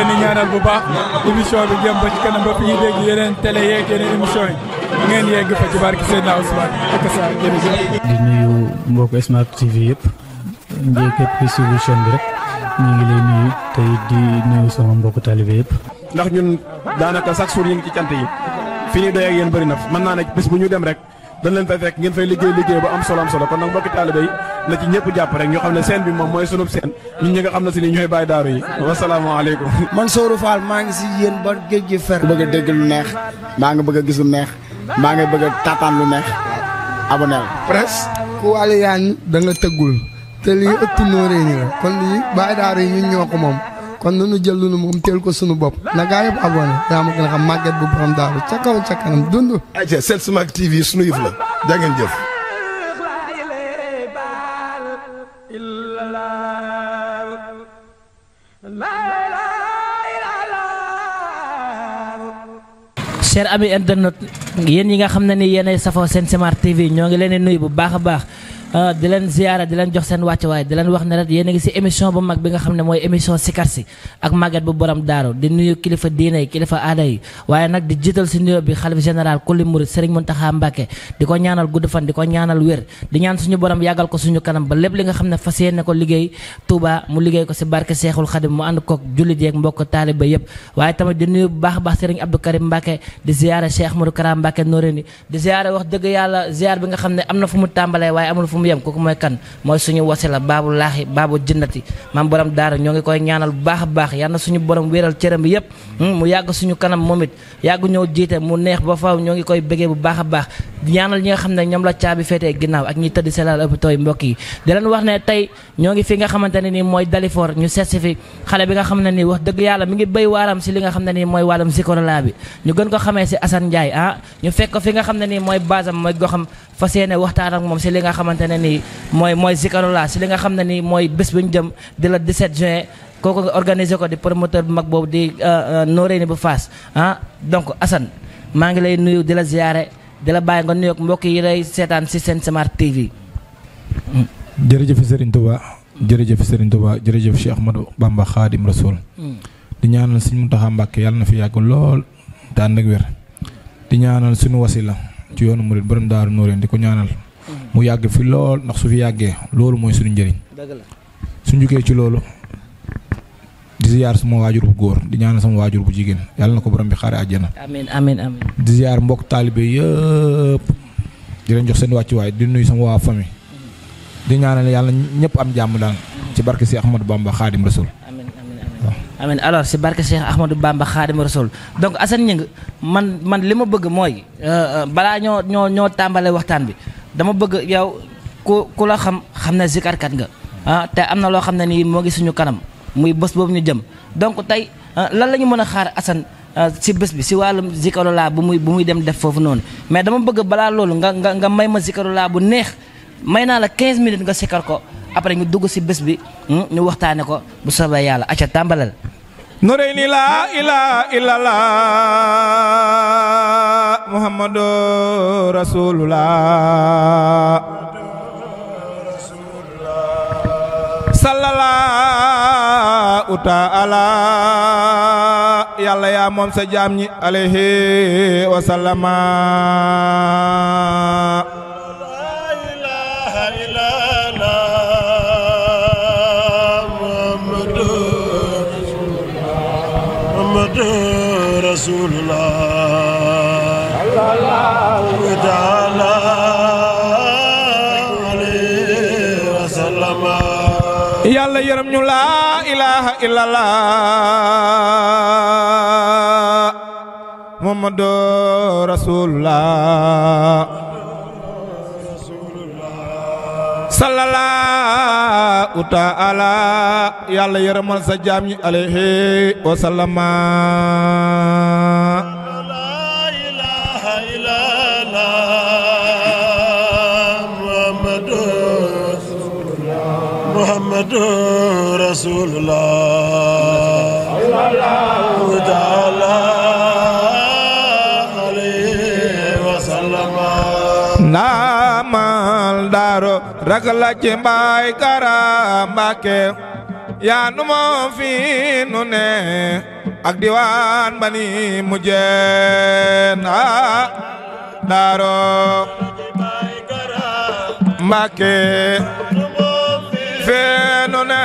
leen di ñaanal bu baax émission bi jëm ba ci kanam ba fi ñuy dégg yeneen télé yeeg yeneen émission yi ngeen yegg fa ci barki Ousmane ak sa jërëjëf. di nuyu mbokk Smart TV yëpp njëkk képp ku bi rek ñu ngi lay nuyu di nuyu sama mbokk talibé yëpp. ndax ñun daanaka chaque jour ñu ngi ci cant yi fi ñuy doy ak yéen bëri na mën naa ne bu ñu dem rek. dañ leen fay fekk ngeen fay liggéey liggéey bu am solo am solo kon nag mbokki taalibe yi na ci ñëpp jàpp rek ñu xam ne seen bi moom mooy sunub seen ñun ñi nga xam ne si ni ñooy bàyyi daaru yi wasalaamaaleykum man Sourou Fall maa ngi si yéen ba géej gi fer bëgg a dégg lu neex maa ngi bëgg a gis lu neex maa ngi bëgg a taataan lu neex abonel presse ku wàllu yaan da nga tëggul te lii ëpp nóorée la kon lii bàyyi daaru yi ñun ñoo moom kon nanu jël lu nu moom teel ko sunu bopp na gaa yëpp abonné yaa ma gën xam màgget bu borom daaru ca kaw ca kanam dund. ayca Sen Smart TV sunu yëf la jaa ngeen jëf. cher ami internet yéen yi nga xam ne ni yéenay safoo seen Smart TV ñoo ngi leen di bu baax a baax. Euh, di leen ziyaara di leen jox seen wàccuwaay di leen wax ne rek yéen a ngi si émission bu mag bi nga xam ne mooy émission Sikar si ak màgget bu borom daaru di nuyu kilifa diine yi kilifa aada yi waaye nag di jiital si nuyoo bi xalif général kulli murid Serigne Mountakha Mbacké di ko ñaanal gudd fan di ko ñaanal wér di ñaan suñu borom yàggal ko suñu kanam ba lépp li nga xam ne fas yéene ko liggéey Touba mu liggéey ko si barke Seexul Xadim mu ànd kook jullit yeeg mbokk taaliba yépp waaye tamit di nuyu a baax Serigne Abdou Karim Mbacké di ziyaara Cheikh Modou Kara Mbacké Noreyni na mu yem kooku mooy kan mooy suñu wasila baabu laaxi baabu jënnati maam borom daara ñoo ngi koy ñaanal bu baax a baax yal na suñu borom wéeral cëram bi yëpp hmm, mu yàgg suñu kanam moom it yàgg ñoo jiite mu neex ba faaw ñoo ngi koy bégee bu baax a baax ñaanal ñi nga xam ne ñoom la caabi féetee ginnaaw ak ñi tëdd selaal hôpitaux yi mbokk yi di leen wax ne tey ñoo ngi fi nga xamante ne nii mooy Dalifort ñu seet si fi xale bi nga xam ne nii wax dëgg yàlla mi ngi béy waaram si li nga xam ne nii mooy wàllum sikorolaa bi ñu gën ko xamee si Assane Ndiaye ah ñu fekk ko fi nga xam ne nii mooy basam mooy goxam fas yéene waxtaan ak moom si li nga xamante ne ni moy mooy la si li nga xam ni moy bes buñu dem de la 17 juin koko organiser ko di promoteur mag bobu di euh, euh, Noreyni bu fas ah donc Assane ma ngi lay nuyu di la ziaré di la baye nga nuyu mbok yi ray seetaan ci Sen Smart TV. Hmm. jërëjëf Serigne Touba jërëjëf Serigne Touba jërëjëf Cheikh Ahmadou Bamba Khadim Rasoul. Hmm. di ñaanal suñu Mountakha Mbacké yalla na fi yag lool te ak di ñaanal suñu wasila ci yoonu mourid borom daaru Noreyni di ko ñaanal. mu yàgg fi lool ndax su fi yàggee loolu mooy suñu njëriñ su jugee ci loolu di ziyaar sama waajur bu góor di ñaanal sama waajur bu jigéen yàlla na ko borom bi xaare àjjana amiin amiin amiin di ziyaar mbokk taalibe yëpp di leen jox seen wàccuwaay di nuy sama waa famille di ñaana ñaanal yàlla ñëpp am jàmm daal ci barke si Ahmadou Bamba Xaadim Rasul amin alors si barke Cheikh ba Bamba Xaadimu Rasul donc Assane Gningue man man li ma bëgg mooy euh, euh, balaa ñoo ñoo ñoo tàmbalee waxtaan bi dama bëgg yow ku ku la xam xam na zikarkat nga hmm. ah te am na loo xam ne nii moo ngi suñu kanam muy bés boobu ñu jëm donc tey ah, lan la ñu mën a xaar Assane ah, si bés bi si wàllum zikarulaa bu muy bu muy dem def foofu noonu mais dama bëgg balaa loolu nga nga nga may ma zikarulaa bu neex may naa la 15 minutes nga sikar ko après ñu dugg si bës bi hmm, ñu waxtaane ko bu soobee yàlla acca tàmbalal. Nurayni laa ilaaha illallaah muhammadu rasulullah sallallahu taala yàlla yaa moom sa jaam alayhi wa تعالى عليه وسلم يلا يرم لا إله إلا الله محمد رسول الله صلى الله تعالى يلا يرم الزجام عليه وسلم محمد رسول الله صلى الله تعالى عليه وسلم naamal daaro ragala ci mbaay kara mbàkke yaa nu moo fi nu ne ak diwaan bani mujjeen aa daaro mbàkke feenuna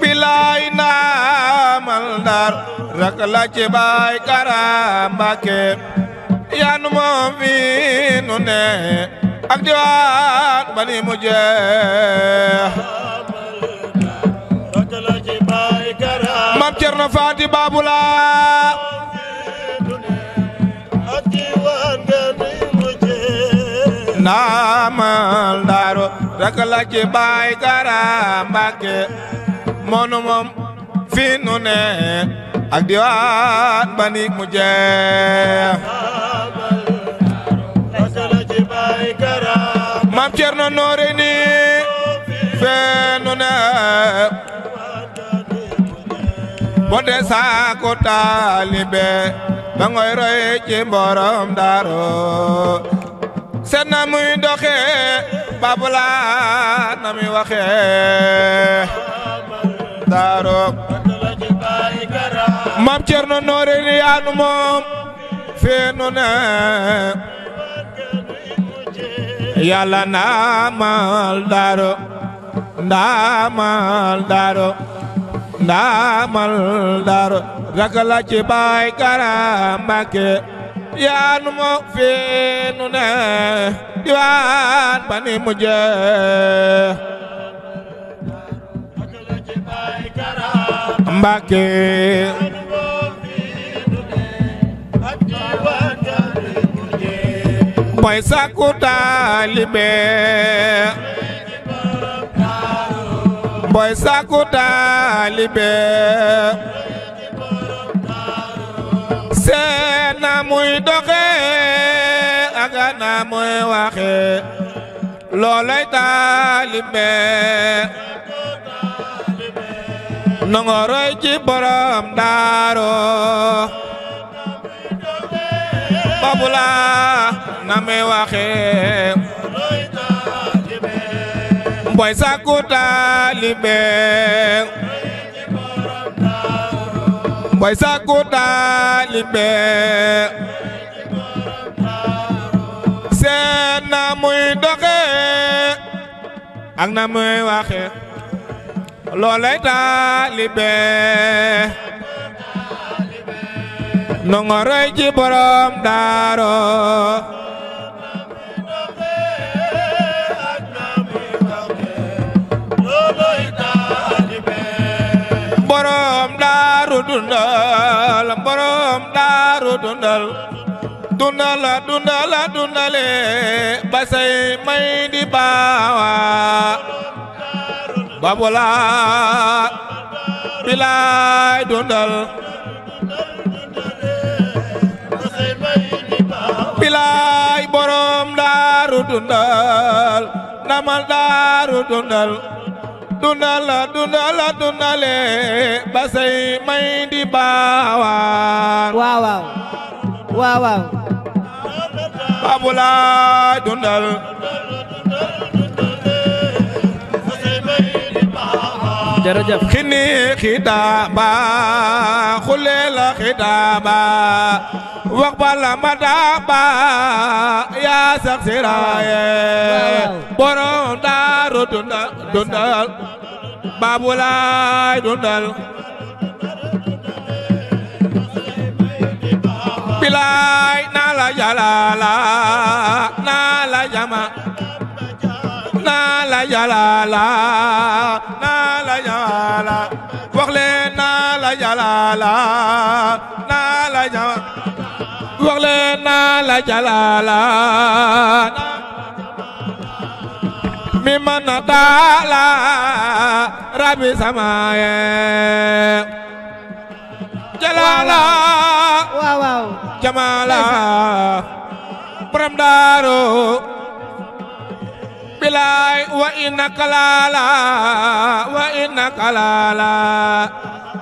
bilaay naamal ndar rak la ci baay karam Mbàkke yaan moom fi nu ne ak diwaan ba ni mu jeex mam Cerno Faati Baabulaa namandaro daaro raka la ci baay gara Mbàkke moonu moom fi nu ne ak diwaan ba ni mu jeex maam Cerno seet na muy doxee babula na muy waxee daaroog maam Cerno Noore ni yaanu fee nu ne yàlla ndaamal daaro ndaamal daaro ndaamal daaro ci baay kara Mbàkke yaanu mo feenu na diwaan ba ni mu jeex Mbàkke mooy sàkku taalibe mooy sàkku gisee na muy doxee ak na muy waxee looloy taalibe nongo roy ci borom daaro babula na muy waxee mboy saku taalibe way sàkku taalibe seen na muy doxe ak na muy waxe loolay taalibe nongo roy ci borom daaro dundal basay may di baawa babula bilay dundal bilay borom daaru dundal namal daaru dundal dundala dundala dundale ba say may di baawaan waaw waaw waaw waaw babula dundal jërëjëf xini xitaaba xulela xitaaba wax bala ma daaba yaa sax siraaye borom daaru dundal dundal baabulaay dundal bilaay naa la jalaala naa la jama naa la jalaala naa la jalaala wax leen naa la jalaala naa la jama wax leen naa la jalalaan mi mën na taala rabi samaaye jalaala waaw waaw jamaala wa wa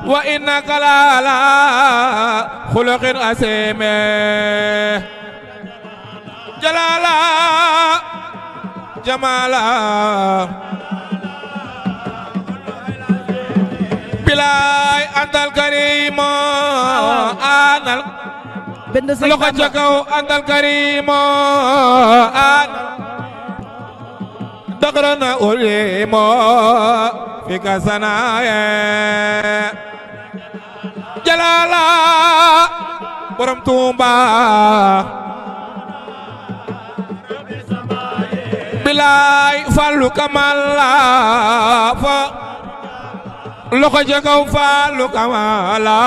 wa innaka la'ala khuluqin asim jalala jamala bilay antal karima anal benn sëñ antal karima anal dagrana ulimo fika sanaye jalaala borom Tuuba bilaay Fallu Kamal la fa loxo ca kaw Fallu Kamal la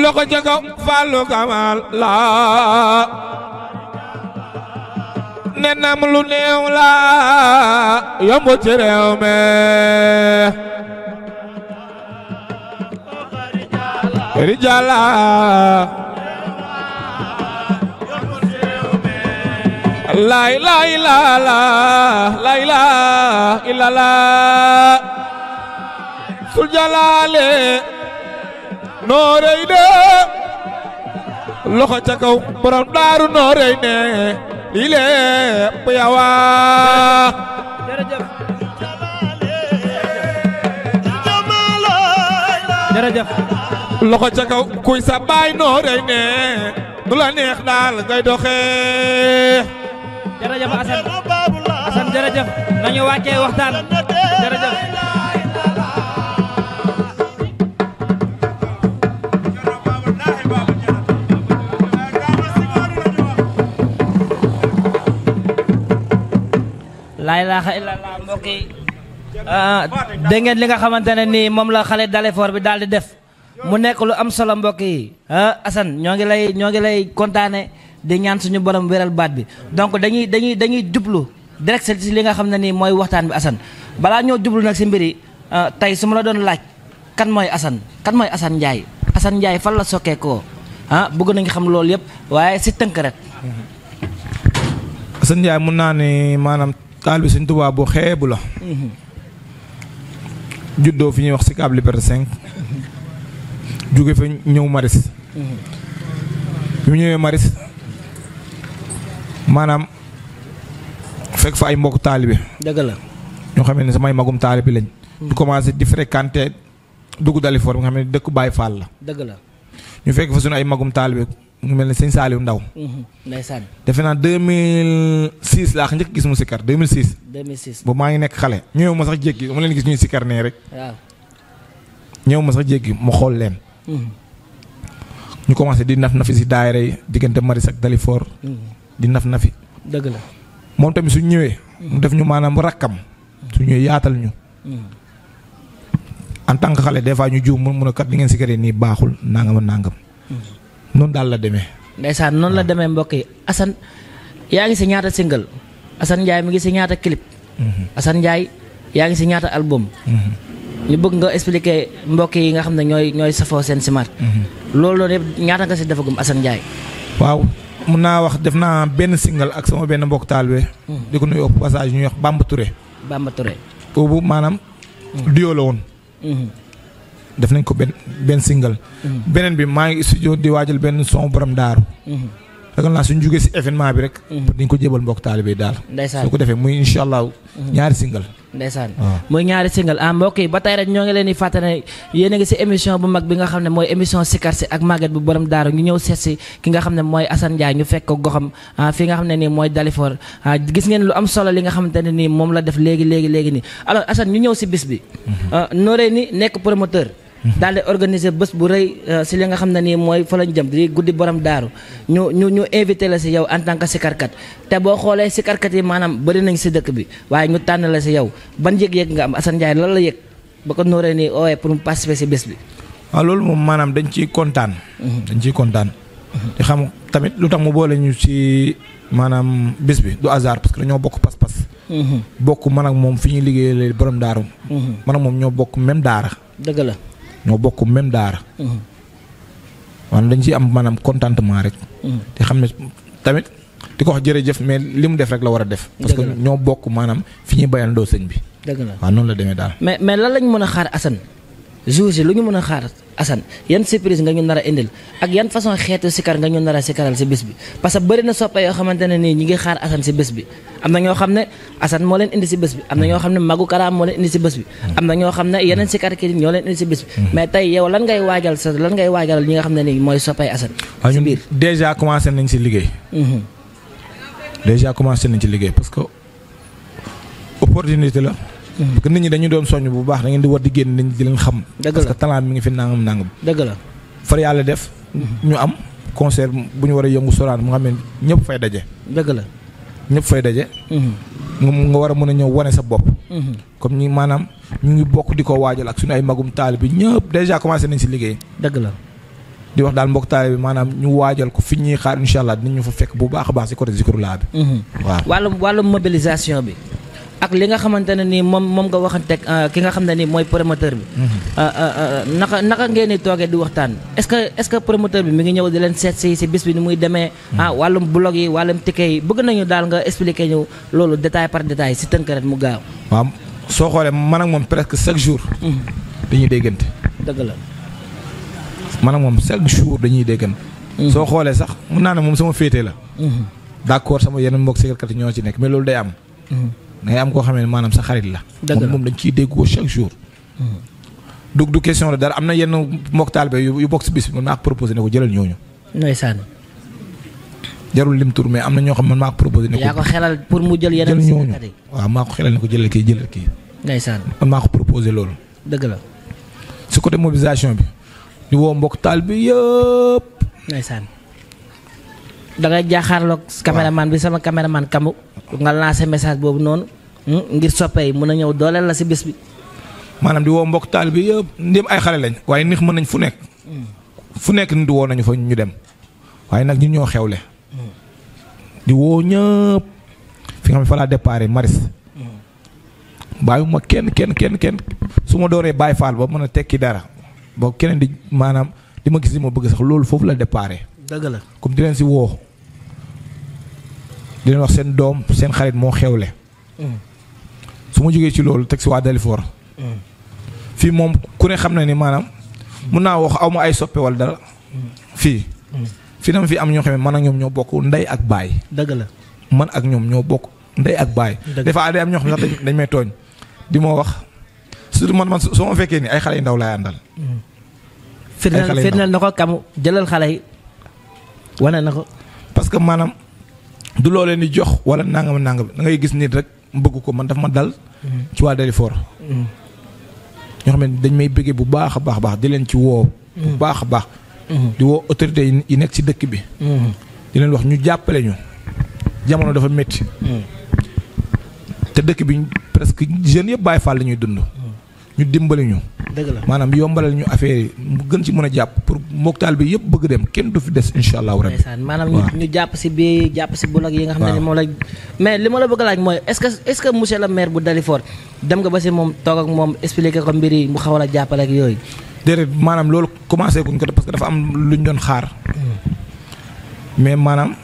loxo ca kaw Fallu Kamal la lu néew la yomb ci rijala la ilaha illallah la ilaha illallah loxo ca kaw daaru noorey ne lii lee bu jërëjëf loxo ca kaw kuy sa baay noo rey ne nu neex daal ngay doxee jërëjëf Assane Assane jërëjëf nañu wàccee waxtaan jërëjëf Ah, dégg ngeen li nga xamante ne nii moom la xale Dalifort bi daal di def mu nekk lu am solo mbokk yi ah Assane ñoo ngi lay ñoo ngi lay kontaane di ñaan suñu borom wéral baat bi donc dañuy dañuy dañuy jublu direct si li nga xam ne nii mooy waxtaan bi Assane balaa ñoo jublu nag si mbir mbiri ah, tey su ma la doon laaj kan mooy Assane kan mooy Assane Ndiaye Assane Ndiaye fan la sokkee koo ah bëgg nañu xam loolu yëpp waaye si tënk rek. Assane Ndiaye mun naa ne maanaam taal bi suñ tubaab bu xeebu juddoo fi ñuy wax Sicap Liberté 5 jóge fa ñëw maris bi mu ñëwee maris maanaam fekk fa ay mbokk taalibe dëgg la ñoo xam ne samay magum taalibe lañ ñu commencé di fréquenté dugg Dalifort bi nga xam ne dëkk Baye Fall la dëgg la ñu fekk fa suñu ay magum taalibe ñu melni seigne sëñ Saliou Ndaw. Mhm. ndeysaan. defe naa 2006 la ko njëkk gis mu sikar 2006. 2006 bu ma ngi nek xalé ñew ma sax jéggi ma leen gis ñuy sikar né rek. waaw. ñew ma sax jéggi mu xol leen. ñu commencé di naf nafi ci daayira yi digënté Maris ak Dalifor. Mhm. di naf nafi. deug la mom tammi su ñëwee. mu def ñu manam rakam su ñëwee yaatal ñu. Mhm. en tant que xalé des fois ñu joom mu a kat di ngeen sikaré ni baaxul nangam ak nangam. noonu daal la demee. ndeysaan noonu la ah. demee mbokk yi Assane yaa ngi si ñaata single Assane Ndiaye mi ngi si ñaata clip. Mhm. asan Ndiaye yaa ngi si ñaata album. ñu mhm. bëgg nga expliquer mbokk yi nga xam ne ñooy ñooy safoo seen simaat. Mhm. loolu loolu yëpp ñaata nga si defagum Assane Ndiaye. waaw mun naa wax def naa benn single ak sama benn mbokk taalibe. di ko nuyu au passage ñuy wax Bamba Touré. boobu maanaam. duyoo la woon. def nañ ko benn benn single. Mm-hmm. beneen bi maa ngi studio di waajal benn son borom daaru. Mm-hmm. ragal suñ jugee si événement bi rek. Mm-hmm. dañ ko jébal mbokk taalibe yi daal. ndeysaan su ko defee muy incha allah ñaari single. ndeysaan ah. muy ñaari single ah, mbokk yi ba tey rek ñoo ngi leen di fàttali ne yéen a ngi si émission bu mag bi nga xam ne mooy émission Sikar si ak Maguette bu borom daaru ñu ñëw seet si ki nga xam ne mooy Assane Ndiaye ñu fekk ko goxam ah, fi nga xam ne nii mooy Dalifor gis ngeen lu am solo li nga xamante ne nii moom la def léegi léegi léegi nii alors Assane ñu ñëw si bis bi. Noreyni nekk promoteur. daal di organiser bés bu rëy euh, si li nga xam ne nii mooy fa lañ jëm di guddi borom daaru ñu ñu ñu invité la si yow en tant que sikarkat te boo xoolee sikarkat yi maanaam bëri nañ si dëkk bi waaye ñu tànn la si yow ban yëg-yëg nga am Assane Ndiaye lal la yëg ba ko nooree nii ooyee pour mu participer si bés bi. waaw loolu moom maanaam dañ ciy kontaan. dañ ciy kontaan. di xam tamit lu tax mu boole ñu ci maanaam bés bi du hasard parce que dañoo bokk pas-pas. bokk man ak moom fi ñuy liggéeyee borom daaru. man moom ñoo bokk même daara. dëgg la ñoo bokk même daara. Mhm. maanaam dañ ci am maanaam contentement rek. Mhm. te xam ne tamit di ko wax jërëjëf mais li mu def rek la war a def. parce que ñoo bokk maanaam fi ñuy bayandoo sëñ bi. dëgg la waaw noonu la demee daal. mais mais lan lañ mën a xaar Assane jour si lu ñu mën a xaar Assane yan surprise nga ñu nar a indil ak yan façon xeetu sikar nga ñu nar a sikaral si bis bi parce que bëri na soppe yoo xamante ne nii ñi ngi xaar Assane si bés bi am na ñoo xam ne Assane moo leen indi si bés bi am na ñoo xam ne Magu Karaam moo leen si bés bi am ñoo ne yeneen sikar ki ñoo leen indi si bés bi mm-hmm. mais tey yow lan ngay waajal sa lan ngay waajalal ñi nga xam ne nii mooy soppe Assane si biir déjà commencé nañ si liggéey mm-hmm. déjà commencé nañ si liggéey parce que opportunité la gën nit ñi dañu doon soññ bu baax da ngeen di war di génn nit ñi di leen xam. parce talent mi ngi fi nangam nangam. far yàlla def. ñu am concert bu ñu war a yëngu soraan mu nga xam ñëpp fay daje. dëgg la ñëpp fay daje. Mm-hmm. nga war a mën a ñëw wane sa bopp. Mm-hmm. comme ñi maanaam ñu ngi bokk di ko waajal ak suñu ay magum taali bi ñëpp dèjà commencé nañ si liggéey. dëgg la. di wax daal mbokk taale bi maanaam ñu waajal ko fi ñuy xaar incha allah dinañ ñu fa fekk bu baax baax si côté Zikroullah bi. Mm-hmm. ak li nga xamante ne ni moom moom nga waxante euh, ki nga xam ne ni mooy promoteur bi. Mhm. Euh, euh, naka naka ngeen di toogee di waxtaan est-ce que est-ce que promoteur bi mi ngi ñëw di leen seet si si bis bi ni muy demee. Mhm. ah wàllum blog yi wàllum ticket yi bëgg nañu daal nga expliquer ñu loolu détail par détail si tënk rek mu gaaw. waaw soo xoolee man ak moom presque chaque jour. Mhm. dañuy déggante. dëgg la. man moom chaque jour dañuy déggante. soo xoolee sax mun naa ne moom sama féete la. d'accord sama yeneen mbokk sékkat yi ñoo ci nekk mais loolu day am. dangay am koo xam ne maanaam sa xarit la. moom dañ ciy déggoo chaque jour. Hmm. du du question la dara am na yenn mbokk taalibe yu yu bokk si bis bi man maa ko proposé ne ko jëlal ñooñu. ndeysaan. jarul lim tur mais am na ñoo xam man maa ko proposé. ne ko yaa xelal pour mu jël yeneen. jël ñooñu waaw maa ko xelal ne ko jëlal kii jëlal kii. ndeysaan man maa ko proposé loolu. dëgg la. su côté mobilisation bi. ñu woo mbokk taal bi yëpp. ndeysaan. da nga lok kameraman bi sama kameraman kamu nga lancer message bobu non hmm, ngir sopay yi mën a ñëw la ci bis bi manam di wo mbok tal bi yeb ndim ay xalé lañ waye nix mën nañ fu nek hmm. fu nekk wo nañu fa ñu dem waye nak ñu ñoo xewle hmm. di wo ñepp fi nga fa la déparer maris bàyyiwuma kenn kenn kenn kenn suma ma bay fall ba mën tekki dara bo kenen di manam di ma gis li ma bëgg sax loolu fofu la déparer dëgg la comme di leen si woo di wax seen doom seen xarit moo xewle. Mm. su ma jógee ci loolu teg si waa Dalifort. Mm. fii moom ku ne xam na ni maanaam mun naa wax aw ma ay soppe wala dara. Mm. fii. fii dama fi am ñoo xam ne man ak ñoom ñoo bokk ndey ak baay. dëgg la man ak ñoom ñoo bokk ndey ak baay. dëgg am ñoo xam ne dañ may tooñ. di ma wax surtout man man su ma fekkee ni ay xale yu ndaw laay àndal. ay xale yu kam jëlal xale yi wane na ko. parce que maanaam du loo leen di jox wala nangam nangam da ngay gis nit rek bëgg ko man daf ma dal. ci waa for ñoo xam ne dañ may bëggee bu baax a baax baax di leen ci woo. bu baax a baax. di woo autorités yi nekk ci dëkk bi. di leen wax ñu jàppale ñu. jamono dafa métti. Mm. te dëkk bi presque jeunes yëpp Baye Fall la ñuy dund. ñu dimbali ñu. dëgg la maanaam yombalal ñu affaire yi mu gën ci mën a jàpp pour moktaal bi yëpp bëgg dem kenn du fi des incha allahu rabi. maanaam ñu jàpp si bi jàpp si bulak yi nga moom mais li ma la bëgg laaj mooy est ce que est ce que monsieur le maire bu Dalifort dem mbir yi mu xaw a jàppale ak yooyu. déedéet maanaam loolu commencé guñ ko parce que dafa am lu ñu doon xaar. Hmm. mais maanaam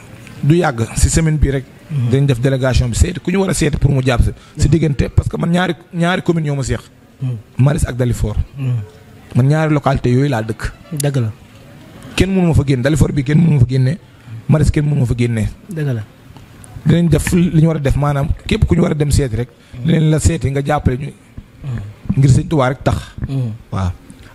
du yàgg si semaine bi rek. Hmm. dañ def délégation bi seeti ku ñu war a seeti pour mu jàpp si. si hmm. diggante parce que man ñaari ñaari commune ñoo ma seex Maris ak Dalifort. Hmm. man ñaari localité yooyu laa dëkk. dëgg la. kenn mënu ma fa génn Dalifort bi kenn mënu ma fa génne Maris kenn mënu fa génne. dëgg la. dinañ def li ñu war a def maanaam képp ku ñu war a dem seeti rek. dinañ la seeti nga jàppale ñu. Hmm. ngir sëñ Tuubaa rek tax. Hmm. waaw.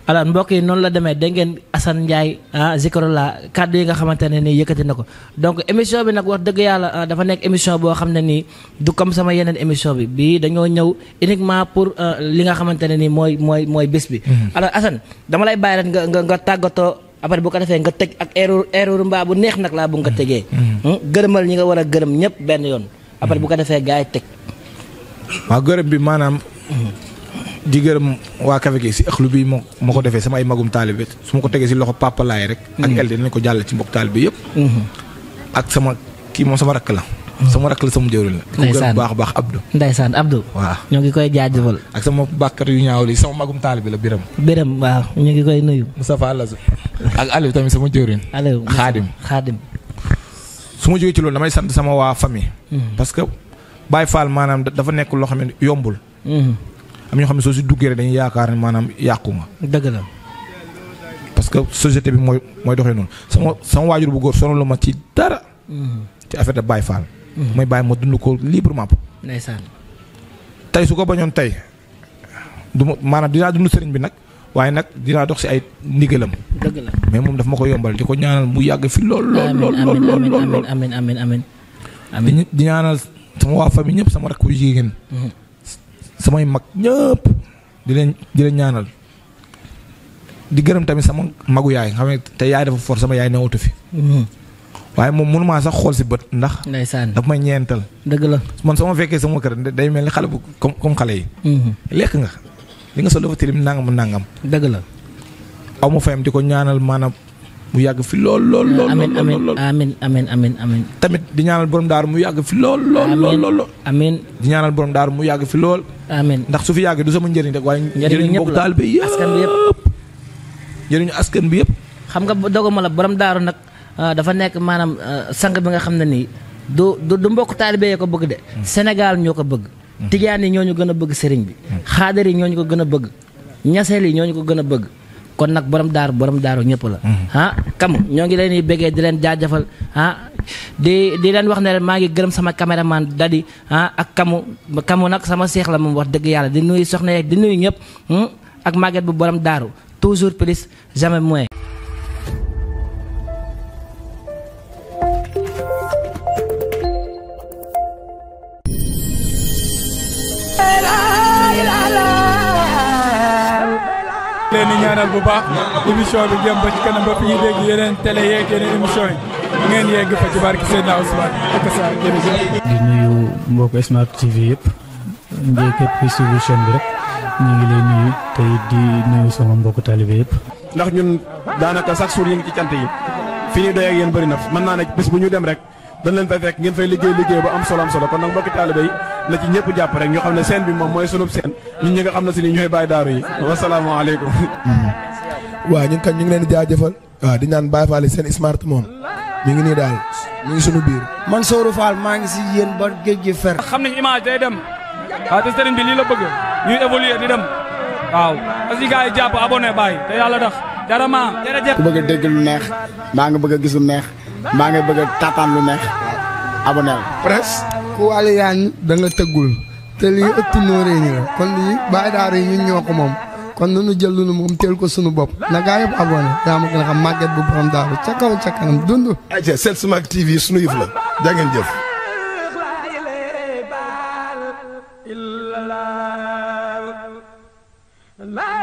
alors mbokk yi noonu la demee da ngeen Assane Ndiaye ah Zikrola kàddu yi nga xamante ne nii yëkkati na ko donc émission bi nag wax dëgg yàlla ah, dafa nekk émission boo xam ne nii du comme sama yeneen émission bi bii dañoo ñëw uniquement pour ah, li nga xamante ne nii mooy mooy mooy bés bi. Mhm. alors Assane dama lay bàyyi rek nga nga nga tàggatoo après bu ko defee nga tëj ak erreur erreur mbaa bu neex nag laa bu nga mhm. tëjee. Mhm. Hmm? gërëmal ñi nga war a gërëm ñëpp benn yoon. après bu ko defee gars yi bi maanaam. di gërëm waa kafe gi si ëxlu bi moo ko defee sama ay magum taalibe su ma ko tegee si loxo papa laay rek. ak mhm. el dinañ ko jàll ci mbokk taalibe yëpp. Mhm. ak sama kii moom sama rakk la. Mhm. sama rakk la yu li sama magum taalibe la Biram. Biram waaw ñu ngi koy nuyu. Moustapha Lazo ak Aliou tamit sama jëwriñ. Aliou Xaadim Xaadim. su ma jógee ci loolu damay sant sama waa famille. parce que Baye Fall maanaam dafa nekk loo xam ne yombul. am ñoo xam ne soo si duggee rek dañuy yaakaar ne maanaam yàqu ma dëgg la. parce que société bi mooy mooy doxee noonu sama sama waajur bu góor sonalu ma ci dara. Mhm. ci affaire de Baye Fall. Mhm. mooy bàyyi ma dund ko librement. ndeysaan. tey su ko bañoon tey du ma maanaam dinaa dund sëriñ bi nag waaye nag dinaa dox si ay ndigalam. dëgg la mais moom daf ma ko yombal di ko ñaanal mu yàgg fi lool. lool lool lool lool lool amiin amiin amiin amiin amiin sama waa famille ñëpp sama rakk bu jigéen mhm. samay mag ñëpp di leen di leen ñaanal di gërëm tamit sama magu yaay xam ne te yaay dafa for sama yaay newatu fi. Mm-hmm. waaye moom mënumaa sax xool si bët ndax. ndeysaan daf may ñeental. dëgg la man sama fekkee sama kër day mel ni xale bu comme comme xale yi. Mm-hmm. lekk nga li nga sol dafa tilim nangam nangam. dëgg la aw fayam di ko ñaanal maanaam mu yag fi lol lol lol amen amen amen amen amen amen tamit di ñaanal borom daaru mu yag fi lol lol lol lol amen di ñaanal borom daaru mu yag fi lol amen ndax su fi yag du sama njëriñ rek waaye njëriñ bokk taalibe yëpp askan bi yëpp njëriñu askan bi yëpp xam nga doguma la borom daaru nak euh, dafa nek manam euh, sang bi nga xam ni nii du du mbokk taalibe ko bëgg de hmm. Sénégal ñoko bëgg hmm. tidiane ñoñu gëna bëgg sëriñ bi hmm. xaadar ñoñu ko gëna bëgg ñasseli ñoñu ko gëna bëgg kon nag borom daaru borom daaru ñëpp la ah kam ñoo ngi leen di béggee di leen jaajafal ah di di leen wax ne maa ngi gërëm sama man dadi ah ak kamu kamu nag sama seex la moom wax dëgg yàlla di nuyu soxna yeeg di nuyu ñëpp hmm? ak màgget bu borom daaru toujours plus jamais moins leen di ñaanal bu baax émission bi jëm ba ci kanam ba fi ñuy dégg yeneen télé yeeg yëpp njëkk képp kuy suivre chaîne bi rek ñu ngi lay nuyu te di nuyu sama mbokk taalibe yëpp. ndax ñun daanaka chaque jour yi ngi ci cant yi fi ñuy doy ak yéen bëri na mën naa ne bis bu ñu dem rek dana leen fay fekk ngeen fay liggéey liggéey ba am solo am solo kon nag mbokki taalibe yi la ci ñepp japp rek ñu xamne sen bi mom moy sunu sen ñun ñi nga xamne ci si ni ñooy bàyyi daaru yi wa salaamu alaykum wa ñu kan ñu ngi leen di jaajëfal waaw di ñaan bay Fall sen smart mom ñu ngi ni daal ñu ngi sunu biir man Sourou faal ma ngi ci yeen ba geej gi fer xamne image day dem ha te sen bi li la bëgg ñu évoluer di dem waaw parce que gars yi abonné bay te yalla tax dara ma dara ku bëgg degg lu neex ma nga bëgg a gis lu neex ma nga bëgg tatan lu neex abonné press ku wàllu yaañ da nga tëggul te lii ëttu nóoree ni la kon lii bàyyi daara yi ñun moom kon nanu jël lu nu moom teel ko sunu bopp na gaa yëpp abonné yaa ma gën màgget bu borom daaru ca kaw ca kanam dund ayca Sen Smart TV sunu yëf jëf